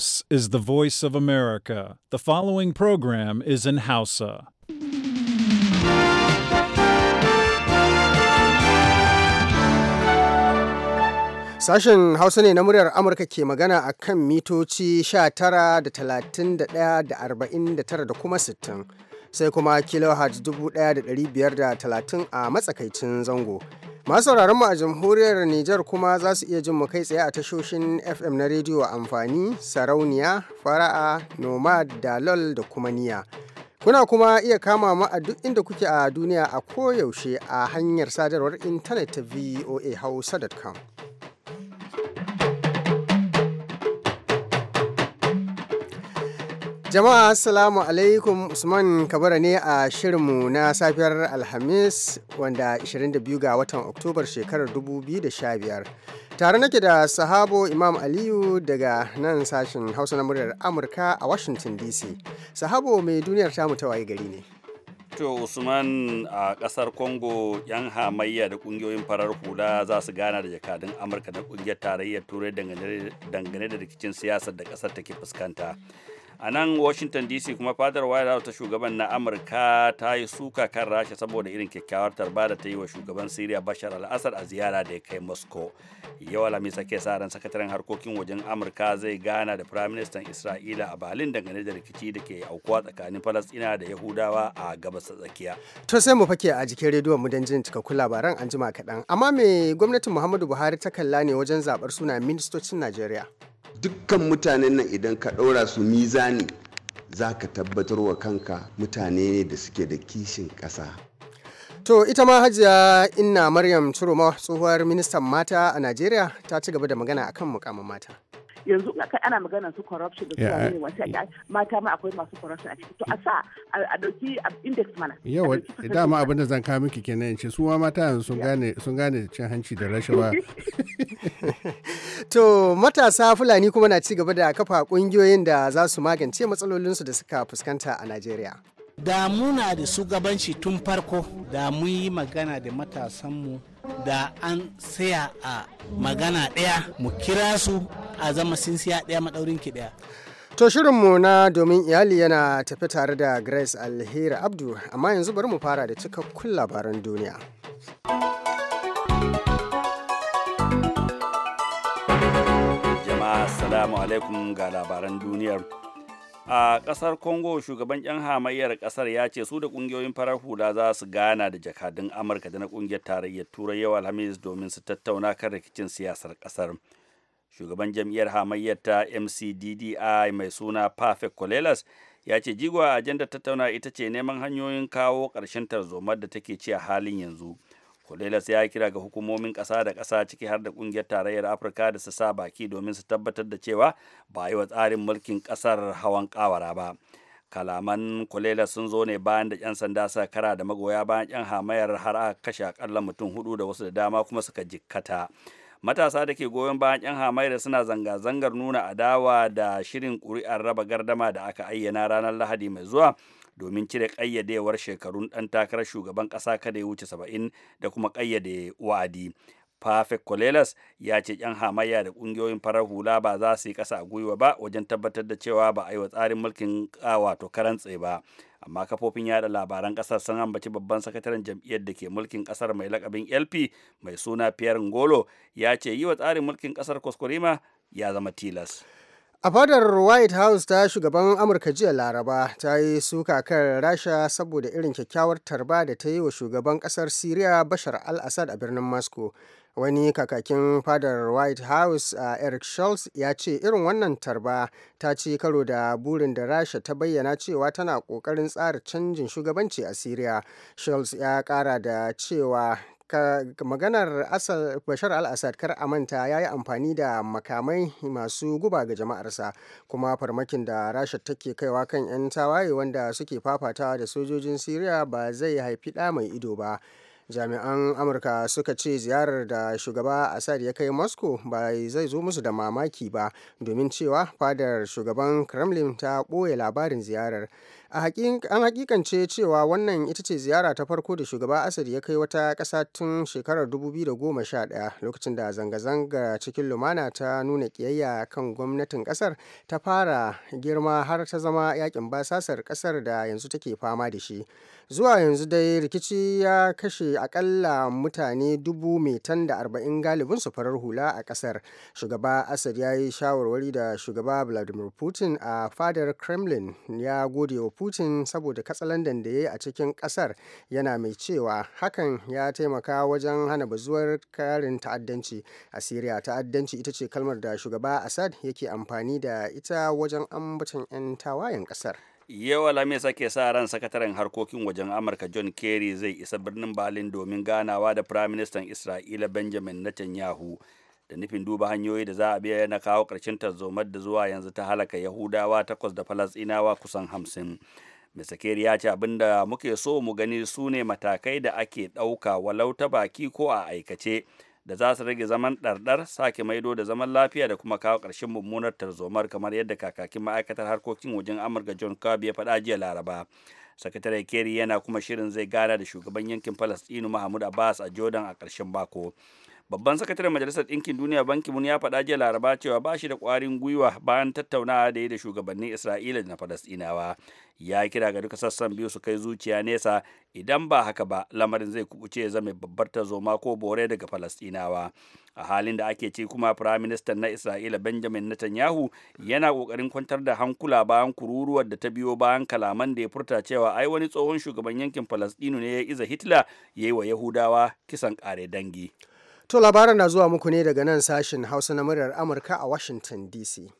This is the voice of America. The following program is in Hausa. Sashen Hausa ne na muryar Amurka ke magana a kan mitoci 19 da 31 da 49 da kuma 60. sai kuma kilohertz talatin a matsakaicin zango. Masu mu a jamhuriyar Nijar kuma za su iya jin mu kai tsaye a tashoshin FM na rediyo amfani, sarauniya, fara'a, nomad, da lol da kuma niya. Kuna kuma iya kama mu a duk inda kuke a duniya a koyaushe a hanyar sadarwar intanet ta voahausa.com. Jama'a Assalamu alaikum Usman Kabara ne a shirinmu na safiyar Alhamis wanda 22 ga watan Oktobar shekarar 2015. Tare nake da sahabo Imam Aliyu daga nan sashen Hausa na muryar Amurka a Washington DC. Sahabo mai duniyar tamu ta waye gari ne. to usman a kasar congo yan hamayya da kungiyoyin farar hula za su gana da jakadun amurka na kungiyar tarayyar turai dangane da rikicin siyasar da kasar take fuskanta a nan washington dc kuma fadar white house ta shugaban na amurka ta yi suka kan rasha saboda irin kyakkyawar tarba da ta yi wa shugaban syria bashar al-assad a ziyara da ya kai moscow yau alami sake sa ran sakataren harkokin wajen amurka zai gana da prime minister isra'ila a berlin dangane da rikici da ke aukuwa tsakanin falastina da yahudawa a gabas ta tsakiya to sai mu fake a jikin rediyon mu don jin cikakkun labaran an jima kaɗan amma me gwamnatin muhammadu buhari ta kalla ne wajen zaɓar sunayen ministocin najeriya dukkan mutanen nan idan ka ɗaura su mizani za ka tabbatar wa kanka mutane ne da suke da kishin ƙasa. To ita ma hajiya inna Maryam Turuma tsohuwar ministan mata a Najeriya ta ci gaba da magana akan mukamin mata. yanzu kai ana magana su corruption da suwa ne wasu mata ma akwai masu corruption a ciki to a sa a dauki index mana yawa dama abin da zan kawo miki kenan ce su ma mata yanzu sun gane sun gane cin hanci da rashawa to matasa fulani kuma na ci gaba da kafa kungiyoyin da za su magance matsalolinsu da suka fuskanta a Najeriya da muna da shugabanci tun farko da mu yi magana da matasanmu da an saya a magana ɗaya mu kira su a zama sinsiya ɗaya maɗaurin ki ɗaya. To shirinmu na domin iyali yana tafi tare da Grace Alheri Abdu, amma yanzu bari mu fara da cikakkun labaran duniya. Jama'a, Assalamu alaikum ga labaran duniyar. a kasar congo shugaban yan hamayyar kasar ya ce su da kungiyoyin farar hula za su gana da jakadun amurka da na kungiyar tarayyar turai yau alhamis domin su tattauna kan rikicin siyasar kasar shugaban jam'iyyar hamayyar ta mcddi mai suna perfect colelas ya ce jigo a ajandar tattauna ita ce neman hanyoyin kawo ƙarshen tarzomar da take ci a halin yanzu Kulelas ya kira ga hukumomin ƙasa da ƙasa ciki har da ƙungiyar tarayyar Afirka da su sa baki domin su tabbatar da cewa ba yi wa tsarin mulkin ƙasar hawan ƙawara ba. Kalaman kulela sun zo ne bayan da 'yan sanda suka kara da magoya bayan 'yan hamayar har aka kashe aƙalla mutum hudu da wasu da dama kuma suka jikkata. matasa da ke goyon bayan 'yan hamayar suna zanga-zangar nuna adawa da shirin ƙuri'ar raba gardama da aka ayyana ranar lahadi mai zuwa domin cire kayyadewar shekarun ɗan takarar shugaban ƙasa kada ya wuce saba'in da kuma kayyade wa'adi. Perfect Colelas ya ce ‘yan hamayya da ƙungiyoyin farar hula ba za su yi ƙasa a gwiwa ba wajen tabbatar da cewa ba a yi wa tsarin mulkin wato karantse ba. Amma kafofin yada labaran ƙasar sun ambaci babban sakataren jam'iyyar da ke mulkin ƙasar mai lakabin LP mai suna Pierre Ngolo ya ce yi wa tsarin mulkin ƙasar Koskorima ya zama tilas. A fadar White House ta shugaban Amurka jiya Laraba ta yi suka kan Rasha saboda irin kyakkyawar tarba da ta yi wa shugaban kasar Syria Bashar al-Assad a birnin Moscow. Wani kakakin fadar White House a uh, Eric Schultz ya ce irin wannan tarba ta ce karo da burin da Rasha ta bayyana cewa tana kokarin tsara canjin shugabanci a Syria Schultz ya kara da cewa maganar bashar al-assad kar a manta ya yi amfani da makamai masu guba ga jama'arsa kuma farmakin da rasha take kaiwa kan 'yan tawaye wanda suke fafatawa da sojojin syria ba zai haifi ɗa mai ido ba jami'an amurka suka ce ziyarar da shugaba assad ya kai moscow ba zai zo musu da mamaki ba domin cewa fadar shugaban kremlin ta ɓoye labarin ziyarar An hakikance cewa wannan ita ce ziyara ta farko da shugaba asad ya kai wata kasa tun shekarar 2011 lokacin da zanga-zanga cikin lumana ta nuna ƙiyayya kan gwamnatin kasar ta fara girma har ta zama yakin basasar ƙasar da yanzu take fama da shi. Zuwa yanzu dai rikici ya kashe akalla mutane dubu metan da arba'in galibin su farar hula a ƙasar. Shugaba asad ya yi shawarwari da shugaba Vladimir Putin a fadar Kremlin ya gode Putin saboda katsalandan da ya yi a cikin kasar yana mai cewa hakan ya taimaka wajen hana bazuwar karin ta'addanci. A syria ta'addanci ita ce kalmar da shugaba Assad yake amfani da ita wajen ambaton 'yan tawayen kasar. yau alhamis sake sa ran sakataren harkokin wajen amurka john kerry zai isa birnin berlin domin ganawa da firaministan isra'ila benjamin netanyahu da nufin duba hanyoyi da za a biya na kawo ƙarshen tarzomar da zuwa yanzu ta halaka yahudawa takwas da falasɗinawa kusan hamsin Mr. Kerry ya ce abin da muke so mu gani su ne matakai da ake ɗauka walau ta baki ko a aikace da za su rage zaman ɗarɗar sake maido da zaman lafiya da kuma kawo ƙarshen mummunar tarzomar kamar yadda kakakin ma'aikatar harkokin wajen Amurka John Kirby ya faɗa jiya Laraba. Sakatare Kerry yana kuma shirin zai gana da shugaban yankin Falastinu Mahmud Abbas a Jordan a ƙarshen bako. babban sakataren majalisar ɗinkin duniya banki mun ya faɗa jiya laraba cewa ba shi da ƙwarin gwiwa bayan tattaunawa da ya da shugabannin isra'ila da na falasɗinawa ya kira ga duka sassan biyu su kai zuciya nesa idan ba haka ba lamarin zai kubuce ya zama babbar ta zoma ko bore daga falasɗinawa a halin da ake ci kuma firaministan na isra'ila benjamin netanyahu yana ƙoƙarin kwantar da hankula bayan kururuwar da ta biyo bayan kalaman da ya furta cewa ai wani tsohon shugaban yankin falasɗinu ne ya iza hitler ya yi wa yahudawa kisan ƙare dangi To labaran na zuwa muku ne daga nan sashin Hausa na muryar Amurka a Washington DC.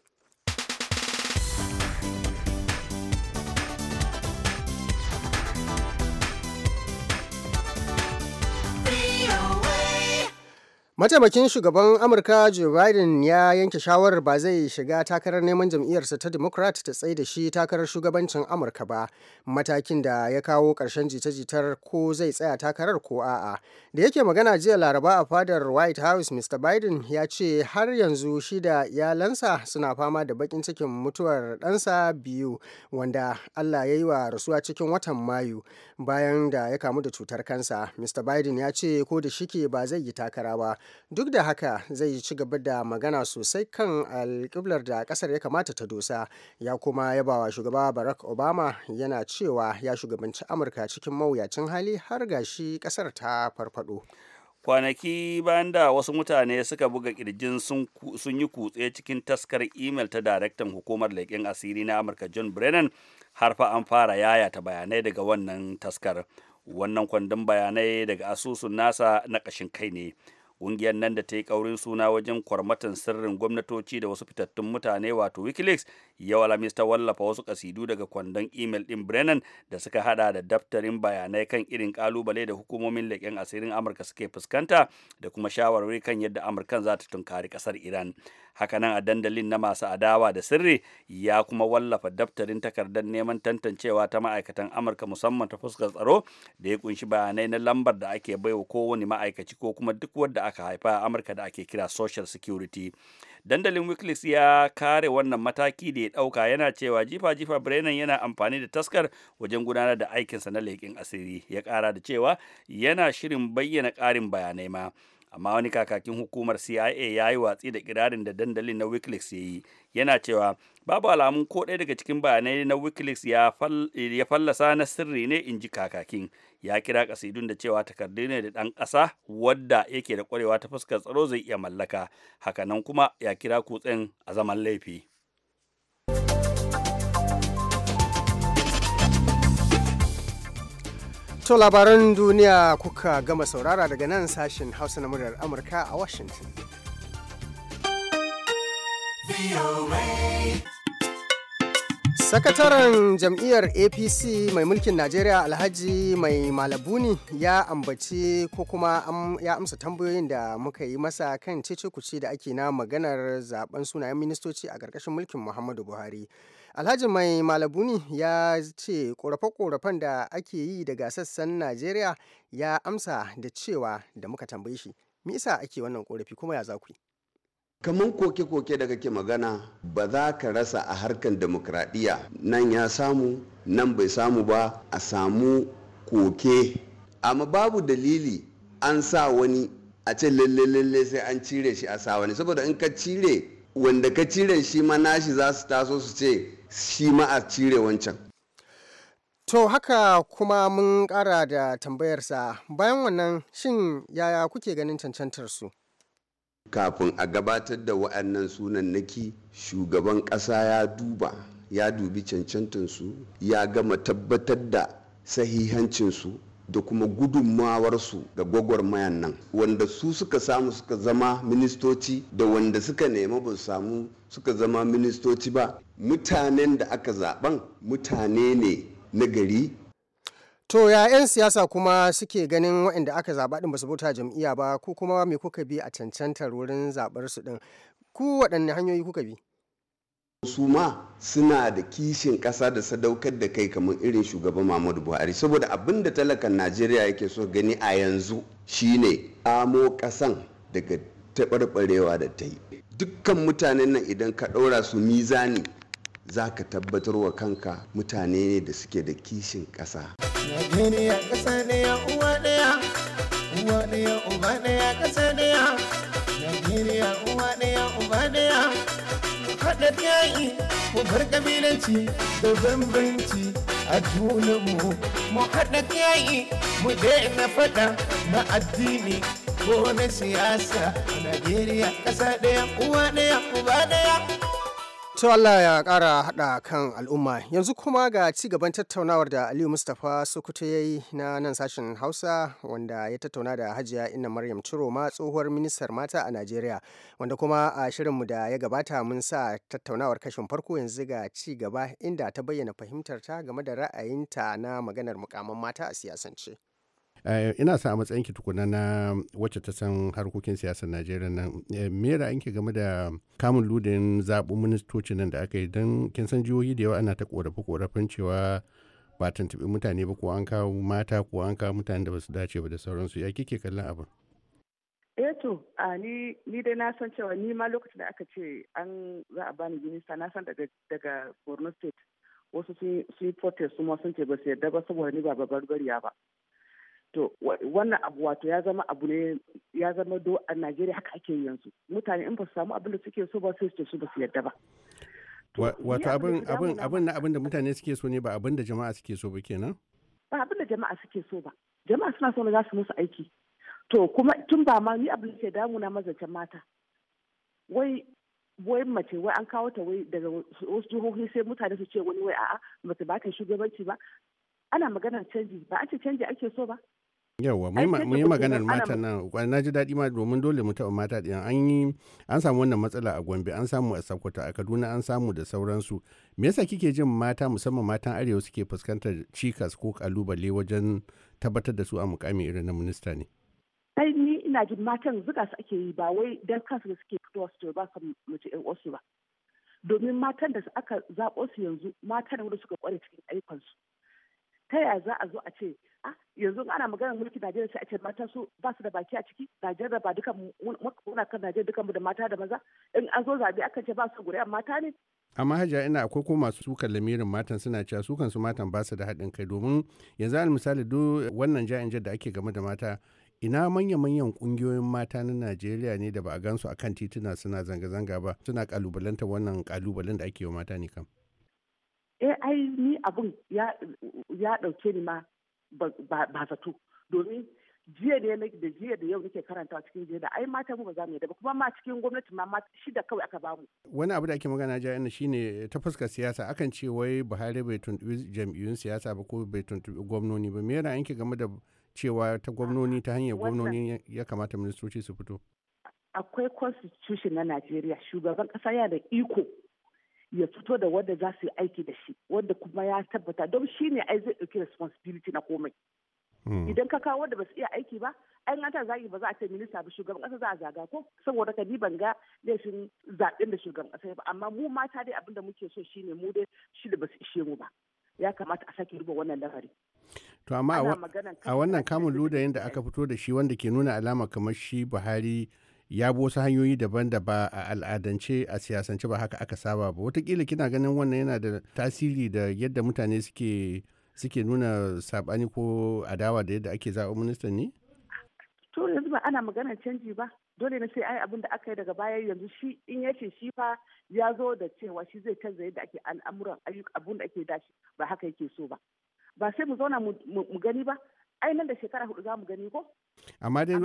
Mataimakin shugaban Amurka Joe Biden ya yanke shawarar ba zai shiga takarar neman jam'iyyarsa ta Democrat ta tsaye da shi takarar shugabancin Amurka ba, matakin da ya kawo ƙarshen jita-jitar ko zai tsaya takarar ko a'a. Da yake magana jiya Laraba a fadar White House, Mr. Biden ya ce har yanzu shi da iyalansa suna fama da bakin cikin mutuwar ɗansa biyu, wanda Allah ya yi wa rasuwa cikin watan Mayu bayan da ya kamu da cutar kansa. Mr. Biden ya ce ko da shike ba zai yi takara ba. duk da haka zai ci gaba da magana sosai kan alƙiblar da ƙasar ya kamata ta dosa ya kuma yabawa shugaba barack obama yana cewa ya shugabanci amurka cikin mawuyacin hali har gashi ƙasar ta farfado kwanaki bayan da wasu mutane suka buga kirjin sun yi kutse cikin taskar imel ta daraktan hukumar leƙen asiri na amurka john brennan har fa an fara yaya ta bayanai daga wannan taskar wannan kwandon bayanai daga asusun nasa na ƙashin kai ne ƙungiyar nan da ta yi ƙaurin suna wajen kwarmatan sirrin gwamnatoci da wasu fitattun mutane wato wikileaks yau alhamis ta wallafa wasu kasidu daga kwandon imel ɗin brennan da suka hada da daftarin bayanai kan irin ƙalubale da hukumomin leƙen asirin amurka suke fuskanta da kuma shawarwari kan yadda amurkan za ta tunkari ƙasar iran hakanan a dandalin na masu adawa da sirri ya kuma wallafa daftarin takardar neman tantancewa ta ma'aikatan amurka musamman ta fuskar tsaro da ya kunshi bayanai na lambar da ake baiwa kowane ma'aikaci ko kuma duk wanda aka haifa a amurka da ake kira social security dandalin wikileaks ya kare wannan mataki da ya dauka yana cewa jifa-jifa brennan yana amfani da taskar wajen gudanar da aikinsa na leƙin asiri ya kara da cewa yana shirin bayyana ƙarin bayanai ma amma wani kakakin hukumar cia ya yi watsi da kirarin da dandalin na wikileaks ya yi yana cewa babu alamun ko ɗaya daga cikin bayanai na wikileaks ya fallasa na sirri ne in ji kakakin ya kira kasidun da cewa takardu ne da ɗan ƙasa wadda yake da ƙwarewa ta fuskar tsaro zai iya mallaka hakanan kuma ya kira kutsen a zaman laifi To labaran duniya kuka gama saurara daga nan sashen Hausa na muryar Amurka a Washington. Sakataren jam'iyyar APC mai mulkin Najeriya Alhaji mai malabuni ya ambaci ko kuma ya amsa tambayoyin da muka yi masa kan cece-kuce da ake na maganar zaben sunayen ministoci a ƙarƙashin mulkin Muhammadu Buhari. Alhaji mai malabuni ya ce ƙorafe-ƙorafen da ake yi daga sassan Najeriya ya amsa da cewa da muka tambaye shi. Me ake wannan ƙorafi kuma ya za ku yi? kamar koke-koke da kake magana ba za ka rasa a harkar demokradiyya nan ya samu nan bai samu ba a samu koke amma babu dalili an sa wani a ce lalle lalle sai an cire shi a sa wani saboda in ka cire wanda ka cire shi ma nashi za su taso su ce shi ma a cire wancan To haka kuma mun ƙara da tambayarsa bayan wannan shin yaya kuke ganin cancantar su? kafin a gabatar da wa'annan naki shugaban ƙasa ya duba ya dubi cancantansu ya gama tabbatar da sahihancinsu da kuma gudunmawarsu ga gwagwarmayan nan wanda su suka samu suka zama ministoci da wanda suka nema ba samu suka zama ministoci ba mutanen da aka zaben mutane ne na gari To ya 'yan siyasa kuma suke ganin waɗanda aka zaɓa ɗin basu bauta jam'iyya ba ko kuma me kuka bi a cancantar wurin zaɓar su ɗin ku waɗanne hanyoyi kuka bi? su ma suna da kishin ƙasa da sadaukar da kai kamar irin shugaban Muhammadu Buhari saboda abin da talakan Najeriya yake so gani a yanzu shine amo ƙasan daga taɓarɓarewa da ta yi dukkan mutanen nan idan ka ɗora su mizani za ka tabbatar wa kanka mutane ne da suke da kishin ƙasa. Najeriya ƙasa ɗaya uwa daya. uwa daya uba ɗaya ƙasa ɗaya. Najeriya uwa daya uba ɗaya. Haɗa yayi mu bar ƙabilanci da bambanci a junanmu. Mu haɗa yi mu daina faɗa na addini ko na siyasa. Najeriya ƙasa ɗaya uwa daya uba daya. To Allah ya kara haɗa kan al'umma yanzu kuma ga ci gaban tattaunawar da Aliyu Mustapha Sokoto ya yi na nan sashen Hausa wanda ya tattauna da Hajiya Inna Maryam Ciroma tsohuwar ministar mata a Najeriya wanda kuma a shirin mu da ya gabata mun sa tattaunawar kashin farko yanzu ga ci gaba inda ta bayyana fahimtar ta game da ra'ayinta na maganar mukaman mata a siyasance. Eh, ina sa a matsayin ki tukuna na wacce ta san harkokin siyasar najeriya nan eh, me ra'ayinki game da kamun ludin zaɓen ministoci nan da aka yi don kin san jihohi da yawa ana ta korafi korafin cewa ba tuntuɓi mutane ba ko an kawo mata ko an kawo mutane da ba dace ba da sauransu ya kike kallon abin eto eh a ni ni dai na san cewa ni ma lokacin da aka ce an za a bani minista na san daga daga Borno state wasu sun yi protest su ma sun ce ba su yarda ba saboda ni ba babbar bariya ba to wannan abu wato ya zama abu ne ya zama do a najeriya haka ake yanzu mutane in ba su samu abin da suke so ba sai su ce su ba su yarda ba wato abin abin abin na abin da mutane suke so ne ba abin da jama'a suke so ba kenan ba abin da jama'a suke so ba jama'a suna so za su musu aiki to kuma tun ba ma ni abin da ke damuna mazancen mata wai wai mace wai an kawo ta wai daga wasu jihohi sai mutane su ce wani wai a'a mace ba ta shugabanci ba ana maganar canji ba a ce canji ake so ba yawa mu yi maganar mata nan na ji daɗi ma domin dole mu taɓa mata ɗin an yi an samu wannan matsala a gombe an samu a sokoto a kaduna an samu da sauransu me yasa kike jin mata musamman matan arewa suke fuskantar cikas ko kalubale wajen tabbatar da su a mukamin irin na minista ne ai ni ina jin matan zuga su ake yi ba wai dan kansu da suke fitowa su ba su mace ƴan wasu ba domin matan da aka zaɓo su yanzu matan da suka kware cikin ayyukansu ta yaya za a zo a ce ah yanzu ana maganar mulki Najeriya sai a ce mata su ba su da baki a ciki Najeriya ba dukan muna kan Najeriya dukan mu da mata da maza in an zo zabe aka ce ba su guri'an mata ne amma hajiya ina akwai ko masu suka lamirin matan suna cewa sukan su matan ba su da haɗin kai domin yanzu al misali duk wannan ja'in da ake game da mata ina manya-manyan kungiyoyin mata na najeriya ne da ba a gansu kan tituna suna zanga-zanga ba suna kalubalanta wannan kalubalen da ake yi wa mata ne kam eh ai ni abun ya ɗauke ni ma ba zato domin jiya ne da jiya da yau nake karanta cikin jiya da ai mata mu ba za mu yadda ba kuma ma cikin gwamnati ma shi shida kawai aka bamu wani abu da ake magana yana shine ta fuskar siyasa akan ce wai Buhari bai tuntubi jam'iyyun siyasa ba ko bai tuntubi gwamnoni ba me yana yanke game da cewa ta gwamnoni ta hanyar gwamnoni ya kamata ministoci su fito akwai constitution na Najeriya shugaban kasa yana da iko ya fito da wanda za su yi aiki da shi wanda kuma ya tabbata don shi ne ai zai ɗauki responsibility na komai hmm. idan ka kawo wanda ba su iya aiki ba ai an ta zagi ba za a ce minista ba shugaban kasa za a zaga ko saboda ka ni ban ga laifin zaɓen da shugaban kasa ba amma mu mata dai abin da muke so shine mu dai shi da ba su ishe mu ba ya kamata a sake ruba wannan lafari. to amma a wannan kamun ludayin da aka fito da shi wanda ke nuna alama kamar shi Buhari ya bi wasu hanyoyi daban da ba a al'adance a siyasance ba haka aka saba ba watakila kina ganin wannan yana da tasiri da yadda mutane suke nuna sabani ko adawa da yadda ake zaɓa ministan ne to yanzu ba ana maganar canji ba dole na sai ai abin da aka yi daga baya yanzu shi in ya ce shi fa ya zo da cewa shi zai canza yadda ake al'amuran abin da ake dashi ba haka yake so ba ba sai mu zauna mu gani ba ai nan da shekara hudu za mu gani ko amma dai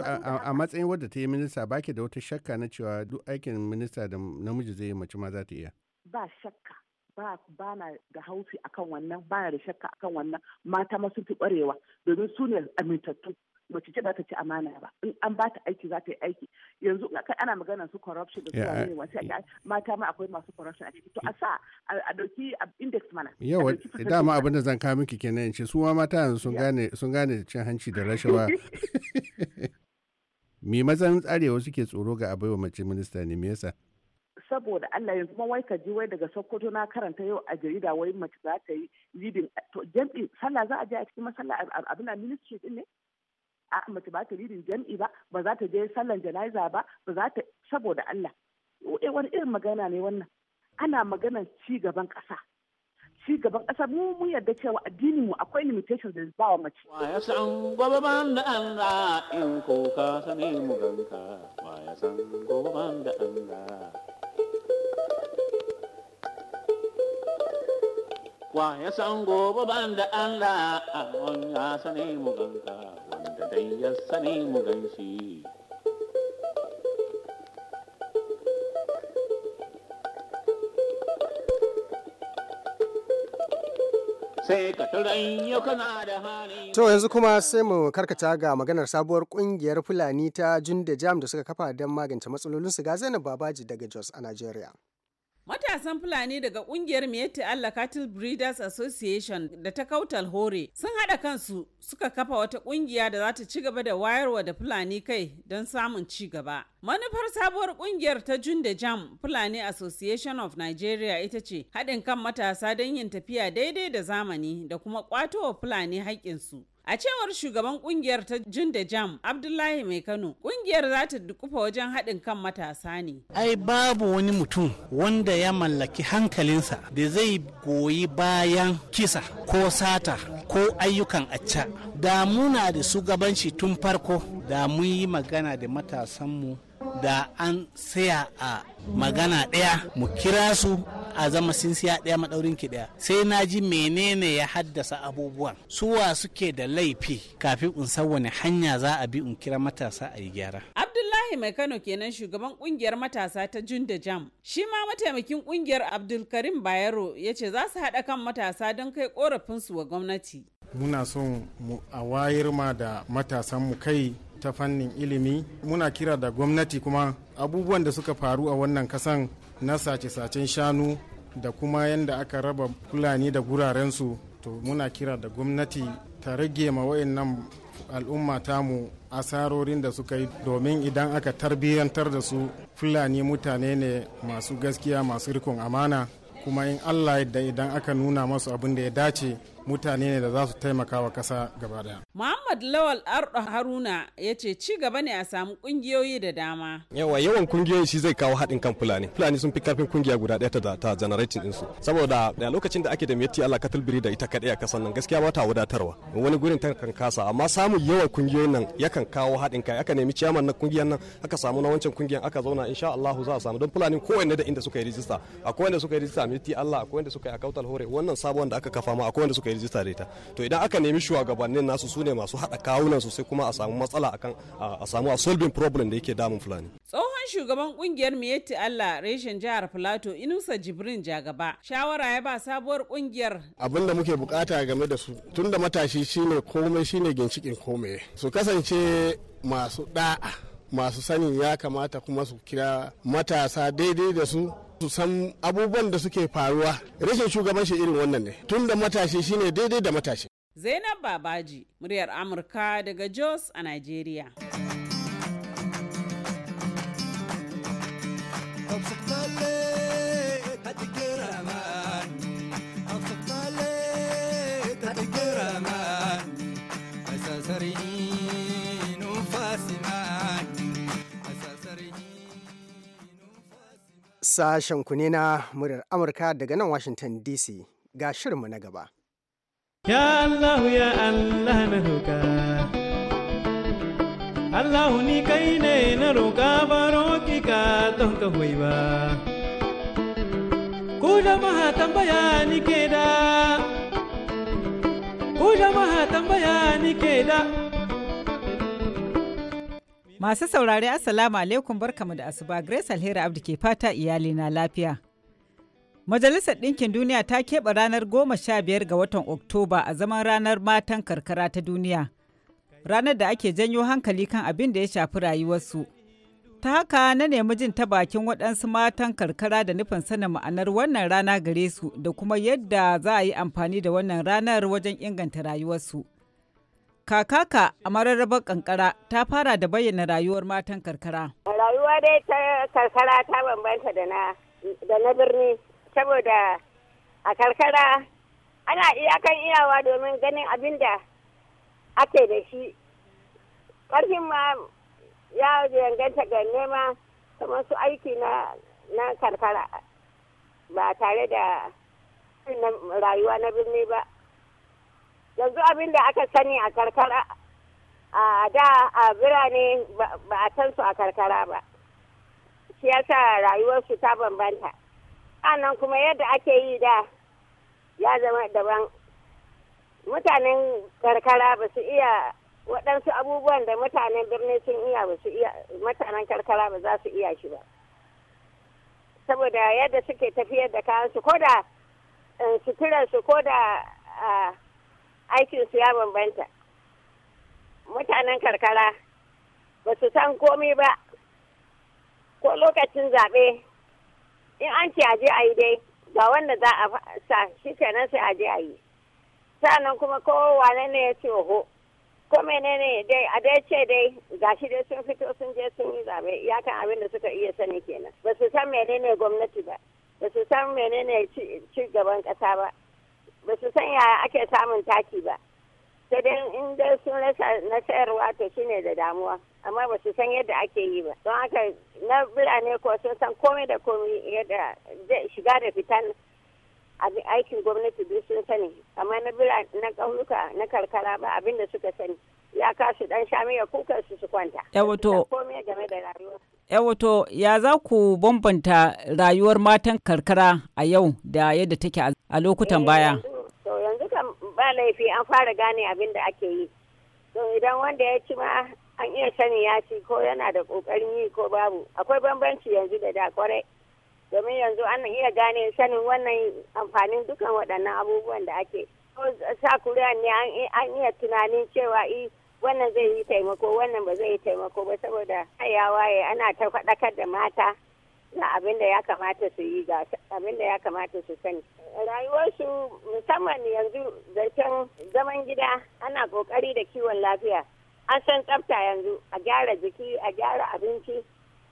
a matsayin wadda ta yi minista ba ke da wata shakka na cewa duk aikin minista da namiji zai yi mace ma za ta iya ba shakka ba ba na da haufi akan wannan ba na da shakka akan wannan mata ma sun fi kwarewa domin su ne amintattu mace ce ba ta ci amana ba in an ba ta aiki za ta yi aiki yanzu ana magana su corruption da su ne wasu mata ma akwai masu corruption a ciki to a sa a dauki index mana yawa dama abin da zan kawo miki kenan ce su ma mata yanzu sun gane sun gane cin hanci da rashawa me mazan tsarewa suke tsoro ga abaiwa mace minista ne me yasa saboda Allah yanzu wai ka ji wai daga Sokoto na karanta yau a jarida wai mace za ta yi leading to jam'i sallah za a je a cikin masallaci abin a ministry din ne a mace ba ta ridin jam'i ba ba za ta je sallan jana'iza ba ba za ta saboda Allah eh, wani irin magana ne wannan ana maganan ci gaban ƙasa ci gaban ƙasa mu mu yarda cewa addini mu akwai limitation da ba wa mace. Wa ya san gobe ban da Allah in ko ka sani mu ganka wa ya san gobe ban da Allah. Wa ya san gobe ban da Allah a ya sani mu ganka. To yanzu kuma sai mu karkata ga maganar sabuwar kungiyar Fulani ta Junda Jam da suka kafa don magance matsalolinsu ga Zainab Babaji daga Jos a Najeriya. Matasan Fulani daga kungiyar Miyetti Allah Cattle Breeders Association da ta Kautal Hore sun haɗa kansu suka kafa wata kungiya da za ta ci gaba da wayarwa da Fulani kai don samun ci gaba. Manufar sabuwar kungiyar ta Junda Jam Fulani Association of Nigeria ita ce haɗin kan matasa don yin tafiya daidai da zamani da kuma ƙwato Fulani haƙƙinsu. A cewar shugaban kungiyar ta Junda Jam Abdullahi Mai Kano, kungiyar za ta dukufa wajen haɗin kan matasa ne. Ai babu wani mutum wanda ya mallaki hankalinsa da zai goyi bayan kisa ko sata ko ayyukan acca. Da muna da shugabanci tun farko da mun yi magana da matasanmu da an saya a magana ɗaya mu kira su a zama sun siya ɗaya maɗaurin ki ɗaya sai na ji menene ya haddasa abubuwan suwa suke da laifi kafin in san wani hanya za a bi in kira matasa a yi gyara Abdullahi Mai Kano kenan shugaban kungiyar matasa ta Junda Jam. Shi ma mataimakin kungiyar Abdulkarim Bayero ya ce za su haɗa kan matasa don kai korafinsu wa gwamnati. Muna son mu a wayar ma da matasan mu kai ta fannin ilimi muna kira da gwamnati kuma abubuwan da suka faru a wannan kasan na sace-sacen shanu da kuma yadda aka raba fulani da gurarensu to muna kira da gwamnati ta rage ma wayannan al'umma tamu asarorin da suka yi domin idan aka tarbiyyantar da su fulani mutane ne masu gaskiya masu rikon amana kuma in allah yadda idan aka nuna masu abin da ya dace mutane ne da za su taimaka wa kasa gaba daya. Muhammad Lawal Ardo Haruna ya ce ci gaba ne a samu kungiyoyi da dama. Yawa yawan kungiyoyi shi zai kawo haɗin kan Fulani. Fulani sun fi karfin kungiya guda ɗaya ta ta generating din su. Saboda da lokacin da ake da miyatti Allah katalbiri da ita kaɗai a kasan nan gaskiya ba ta wadatarwa. Wani gurin ta kan kasa amma samun yawan kungiyoyin nan yakan kawo haɗin kai. Aka nemi ciyaman na kungiyan nan aka samu na wancan kungiyan aka zauna insha Allah za a samu don Fulani kowanne da inda suka yi rijista. Akwai wanda suka yi rijista a miyatti Allah akwai wanda suka yi a kautal hore wannan sabon da aka kafa ma akwai wanda suka yi rijista da ita to idan aka nemi shugabannin nasu sune masu hada kawunan su sai kuma a samu matsala akan a samu a solving problem da yake damun fulani tsohon shugaban kungiyar miyetti Allah reshen jihar Filato Inusa Jibrin Jagaba shawara ya ba sabuwar kungiyar abinda muke bukata game da su tunda matashi shine komai shine ginshikin komai su kasance masu da'a masu sanin ya kamata kuma su kira matasa daidai da su su san abubuwan da suke faruwa rashin shugabanci irin wannan ne tun da matashi shine daidai da matashi zainab babaji muryar amurka daga jos a nigeria Sashen ku ne na muryar Amurka daga nan Washington DC ga shirinmu na gaba. Ya Allah ya Allah na roƙa. Allah ni kai ne na roƙa ba, ki ka don ka hoyi ba. Ku jama'a tambaya ni ke da. Ku jama'a tambaya ni ke da. Masu saurari Assalamu alaikum barkamu da asuba Grace Alheri Abdi ke fata iyali na lafiya. Majalisar Ɗinkin Duniya ta keɓe ranar goma sha biyar ga watan Oktoba a zaman ranar matan karkara ta duniya. Ranar da ake janyo hankali kan abin da ya shafi rayuwarsu. Ta haka na nemi jin ta bakin waɗansu matan karkara da nufin sanin ma'anar wannan rana gare su da kuma yadda za a yi amfani da wannan ranar wajen inganta rayuwarsu. kakaka a mararrabar kankara ta fara da bayyana rayuwar matan karkara. Rayuwa dai ta karkara ta bambanta da na birni saboda a karkara ana iyakan iyawa domin ganin abin da ake da shi. ƙarfin ma ya danganta ga nema kamar su aiki na na karkara ba tare da rayuwa na birni ba. yanzu abin da aka sani a karkara a da a birane ba a san su a karkara ba shi yasa rayuwarsu ta bambanta sannan kuma yadda ake yi da ya zama daban mutanen karkara ba su iya waɗansu abubuwan da mutanen birni sun iya ba su iya mutanen karkara ba za su iya shi ba saboda yadda suke tafiyar da kayansu ko da eh, suturarsu ko da ah, aikin su ya bambanta mutanen karkara ba su san komi ba ko lokacin zaɓe in an ce aje a yi dai ga wanda za a sa shi kenan sai aje a yi sannan kuma kowa ne ya ce ho ko menene dai a dai ce dai gashi dai sun fito sun je sun yi zaɓe iyakan abin da suka iya sani kenan ba su san menene gwamnati ba ba su san menene ci gaban ƙasa ba ba su san yaya ake samun taki ba sai dai in dai sun rasa na sayarwa to shine da damuwa amma ba su san yadda ake yi ba don haka na birane ko sun san komai da komai yadda shiga da fitan aikin gwamnati duk sun sani amma na birane na ƙauyuka na karkara ba abin da suka sani ya kasu dan shami ya kuka su su kwanta yawato komai game da rayuwa yawato ya za ku bambanta rayuwar matan karkara a yau da yadda take a lokutan eh, baya ba laifi an fara gane abin da ake yi to idan wanda ya ci ma an iya sani ya ci ko yana da kokarin yi ko babu akwai bambanci yanzu da da kwarai domin yanzu an iya gane sanin wannan amfanin dukan waɗannan abubuwan da ake sa kuran ne an iya tunanin cewa i wannan zai yi taimako wannan ba zai yi taimako ba saboda ya waye ana ta faɗakar da mata na abin da ya kamata su yi ga abin da ya kamata su sani rayuwarsu musamman yanzu zancen zaman gida ana kokari da kiwon lafiya an san tsafta yanzu a gyara jiki a gyara abinci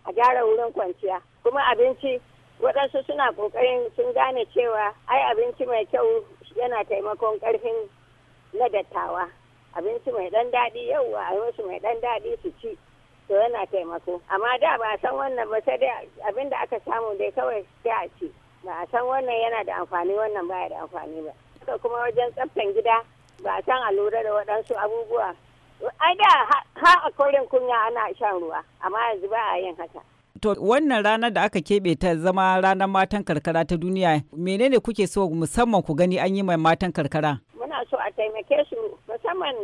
a gyara wurin kwanciya kuma abinci waɗansu suna kokarin sun gane cewa ai abinci mai kyau yana taimakon ƙarfin na dattawa abinci mai ɗan daɗi yau, a wasu mai ɗan daɗi su ci to yana taimako amma da ba a san wannan ba sai dai abin da aka samu dai kawai sai a ci ba a san wannan yana da amfani wannan baya da amfani ba haka kuma wajen tsaftan gida ba a san a lura da waɗansu abubuwa ai da ha a korin kunya ana shan ruwa amma yanzu ba a yin haka to wannan ranar da aka keɓe ta zama ranar matan karkara ta duniya menene kuke so musamman ku gani an yi mai matan karkara muna so a taimake su musamman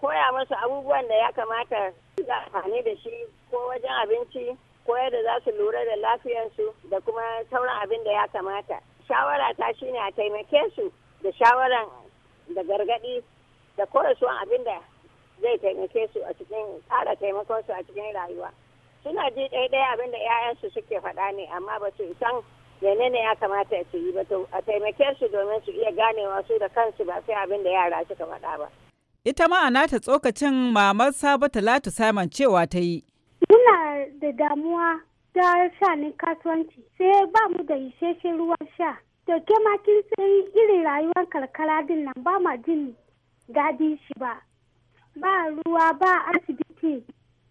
koya masu abubuwan da ya kamata su amfani da shi ko wajen abinci ko yadda za su lura da lafiyarsu da kuma sauran abin da ya kamata shawara ta shine a taimake su da shawaran da gargadi da su abin da zai taimake su a cikin tsara taimakon su a cikin rayuwa suna ji daidai abin da 'ya'yansu suke faɗa ne amma ba su san menene ya kamata su yi ba a taimake su domin su iya ganewa su da kansu ba sai abin da yara suka faɗa ba. Ita ma a nata tsokacin mamar Sabo Talatu Simon cewa ta yi. Muna da damuwa ta shanin kasuwanci sai ba mu da isheshen ruwan sha. da ke ma kin sai irin rayuwar karkara din nan ba ma jin gadi shi ba. Ba ruwa ba asibiti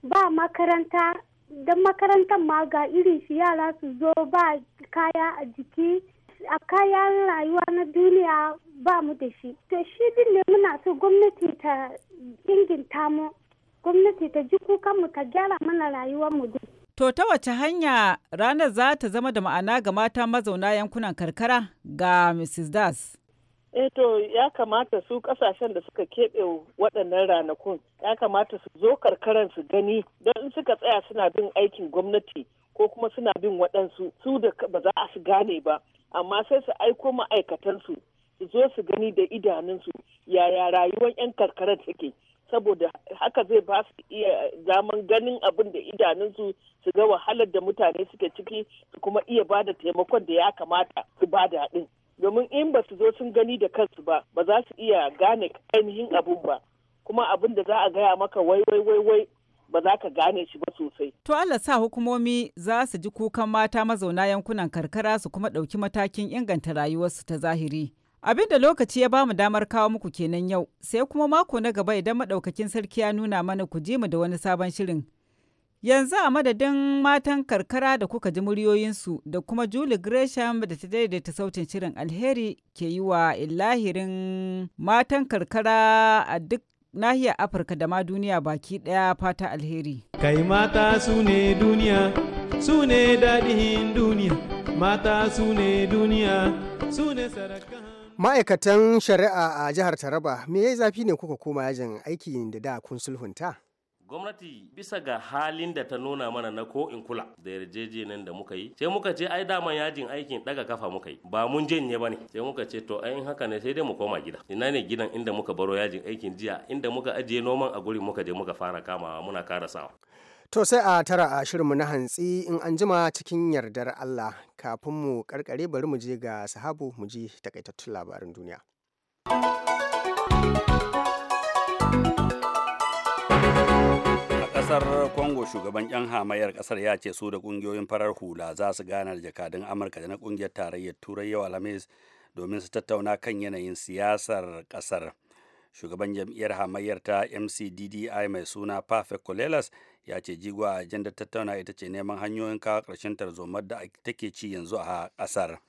ba makaranta don makarantar ma ga irin shi yara su zo ba kaya a jiki a kayan rayuwa na duniya ba mu da shi to shi din ne muna so gwamnati ta inginta mu gwamnati ta ji kukanmu ta gyara mana rayuwar mu din To ta wace hanya ranar za ta zama da ma'ana ga mata mazauna yankunan karkara ga Mrs. Das? Eh to ya kamata su kasashen da suka keɓe waɗannan ranakun ya kamata su zo karkaran su gani don in suka tsaya suna bin aikin gwamnati ko kuma suna bin waɗansu su da ba za a su gane ba amma sai su aiko ma'aikatansu su zo su gani da idanunsu yaya rayuwar 'yan karkarar suke saboda haka zai ba su iya daman ganin abin da idanunsu su ga wahalar da mutane suke ciki su kuma iya ba da taimakon da ya kamata su ba da haɗin domin in ba su zo sun gani da kansu ba ba za su iya gane ainihin abin ba kuma abin da za a gaya maka wai wai wai wai ba za ka gane shi ba sosai. To Allah sa hukumomi za su ji kukan mata mazauna yankunan karkara su kuma ɗauki matakin inganta rayuwarsu ta zahiri. Abin da lokaci ya bamu damar kawo muku kenan yau, sai kuma mako na gaba idan maɗaukakin sarki ya nuna mana ku ji mu da wani sabon shirin. Yanzu a madadin matan karkara da kuka ji muryoyinsu da kuma Julie Gresham da ta daidaita sautin shirin alheri ke yi wa ilahirin matan karkara a duk nahiyar Afirka da ma duniya baki ɗaya fata alheri. Kai mata su ne duniya, su ne daɗin duniya, mata su ne duniya, su ne Ma'aikatan shari'a a jihar Taraba, me ya zafi ne kuka koma yajin aiki da da kun sulhunta? gwamnati bisa ga halin da ta nuna mana na ko in kula da yarjejeniyar da muka yi sai muka ce ai daman yajin aikin daga kafa muka yi ba mun janye ba ne sai muka ce to ai in haka ne sai dai mu koma gida ina ne gidan inda muka baro yajin aikin jiya inda muka ajiye noman a gurin muka je muka fara kamawa muna karasawa To sai a tara a shirinmu na hantsi in an jima cikin yardar Allah kafin mu karkare bari mu je ga sahabu mu ji takaitattun labarin duniya. kasar congo shugaban yan hamayar kasar ya ce su da kungiyoyin farar hula za su gana da jakadun amurka da na kungiyar tarayyar turai yau alhamis domin su tattauna kan yanayin siyasar kasar shugaban jam'iyyar hamayyar ta mcddi mai suna perfect colelas ya ce jigwa a ajandar tattauna ita ce neman hanyoyin kawo ƙarshen tarzomar da take ci yanzu a kasar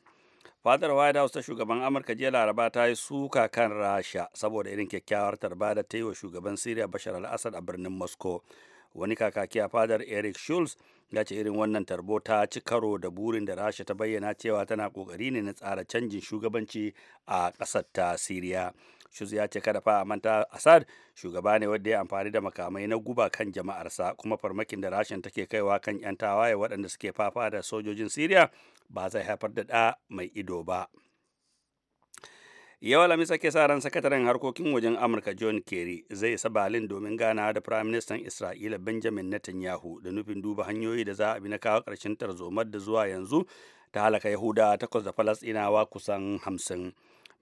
fadar white house ta shugaban amurka jiya laraba ta yi suka kan rasha saboda irin kyakkyawar tarba da ta yi wa shugaban syria bashar al-assad a birnin moscow wani kakaki a fadar eric schulz ya ce irin wannan tarbo ta ci karo da burin da rasha ta bayyana cewa tana kokari ne na tsara canjin shugabanci a ƙasar ta siriya Shuz ya ce kada fa a manta asad shugaba ne wanda ya amfani da makamai na guba kan jama'arsa kuma farmakin da rashin take kaiwa kan 'yan tawaye waɗanda suke fafa da sojojin Siriya ba zai haifar da ɗa mai ido ba. Yau Alhamis sake sa ran sakataren harkokin wajen Amurka John Kerry zai sabalin domin gana da Prime Minister Isra'ila Benjamin Netanyahu da nufin duba hanyoyi da za a bi na kawo karshen tarzomar da zuwa yanzu ta halaka Yahuda takwas da Falasɗinawa kusan hamsin.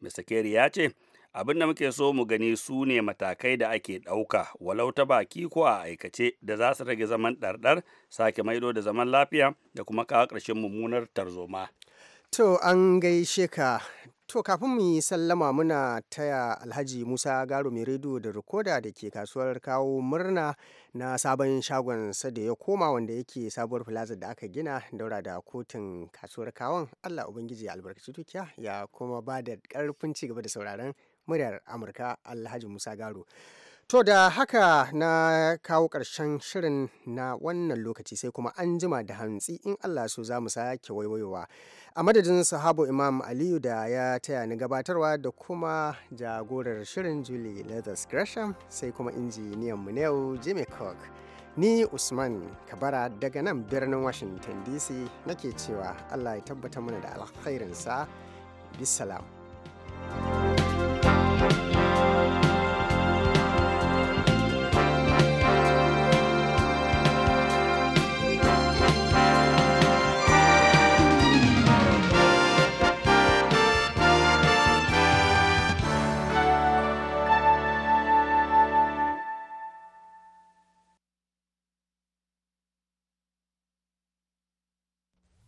Mr. Kerry ya ce, abin da muke so mu gani su ne matakai da ake ɗauka walau ta baki ko a aikace da za su rage zaman ɗarɗar sake maido da zaman lafiya da kuma kawo ƙarshen mummunar tarzoma. To an gaishe ka To kafin mu yi sallama muna taya Alhaji Musa Garo mai rediyo da rikoda da ke kasuwar kawo murna na sabon shagon sa da ya koma wanda yake sabuwar plaza da aka gina daura da kotun kasuwar kawon Allah Ubangiji albarkaci dukiya ya kuma ba da karfin ci gaba da sauraron muryar Amurka Alhaji Musa Garo. To da haka na kawo ƙarshen shirin na wannan lokaci sai kuma an jima da hantsi in Allah so za mu sake waiwayowa. A madadin sahabo Imam Aliyu da ya taya ni gabatarwa da kuma jagorar shirin Julie Leathers Gresham sai kuma injiniyan mu yau Jimmy Cook. Ni Usman Kabara daga nan birnin Washington DC nake cewa Allah ya tabbata mana da alkhairinsa. Bisalam.